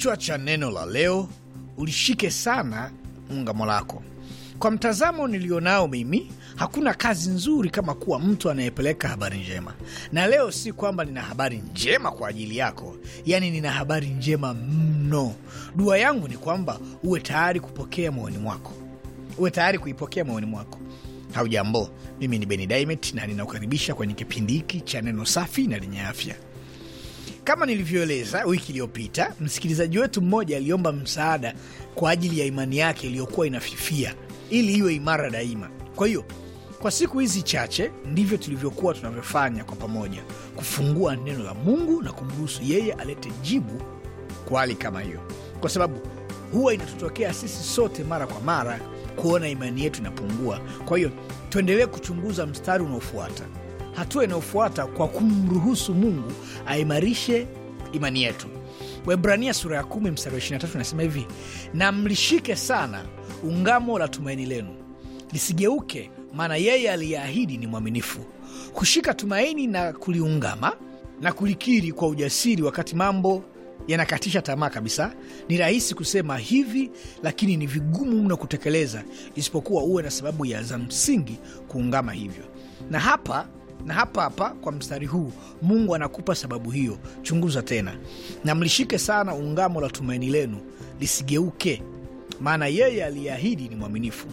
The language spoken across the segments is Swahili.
Kichwa cha neno la leo, ulishike sana ungamo lako. Kwa mtazamo nilionao mimi, hakuna kazi nzuri kama kuwa mtu anayepeleka habari njema. Na leo si kwamba nina habari njema kwa ajili yako, yaani nina habari njema mno. Dua yangu ni kwamba uwe tayari kupokea moyoni mwako, uwe tayari kuipokea moyoni mwako. Haujambo, mimi ni Beni na ninakukaribisha kwenye kipindi hiki cha neno safi na lenye afya kama nilivyoeleza wiki iliyopita, msikilizaji wetu mmoja aliomba msaada kwa ajili ya imani yake iliyokuwa inafifia ili iwe imara daima. Kwa hiyo kwa siku hizi chache ndivyo tulivyokuwa tunavyofanya kwa pamoja, kufungua neno la Mungu na kumruhusu yeye alete jibu kwa hali kama hiyo, kwa sababu huwa inatutokea sisi sote mara kwa mara kuona imani yetu inapungua. Kwa hiyo tuendelee kuchunguza mstari unaofuata hatua inayofuata kwa kumruhusu Mungu aimarishe imani yetu. Waebrania sura ya 10 mstari wa 23 inasema hivi: na mlishike sana ungamo la tumaini lenu lisigeuke, maana yeye aliyeahidi ni mwaminifu. Kushika tumaini na kuliungama na kulikiri kwa ujasiri wakati mambo yanakatisha tamaa kabisa. Ni rahisi kusema hivi, lakini ni vigumu mno kutekeleza, isipokuwa uwe na sababu ya za msingi kuungama hivyo. Na hapa na hapa hapa kwa mstari huu Mungu anakupa sababu hiyo. Chunguza tena, na mlishike sana ungamo la tumaini lenu lisigeuke, maana yeye aliyeahidi ni mwaminifu.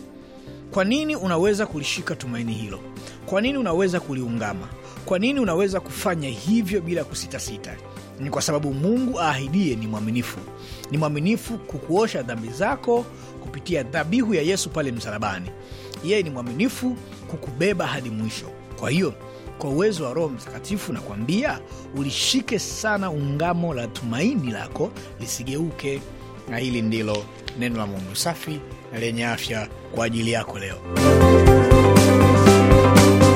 Kwa nini unaweza kulishika tumaini hilo? Kwa nini unaweza kuliungama? Kwa nini unaweza kufanya hivyo bila kusitasita? Ni kwa sababu Mungu aahidie ni mwaminifu. Ni mwaminifu kukuosha dhambi zako kupitia dhabihu ya Yesu pale msalabani. Yeye ni mwaminifu kukubeba hadi mwisho. Kwa hiyo kwa uwezo wa Roho Mtakatifu na kuambia ulishike sana ungamo la tumaini lako lisigeuke. Na hili ndilo neno la Mungu safi na lenye afya kwa ajili yako leo.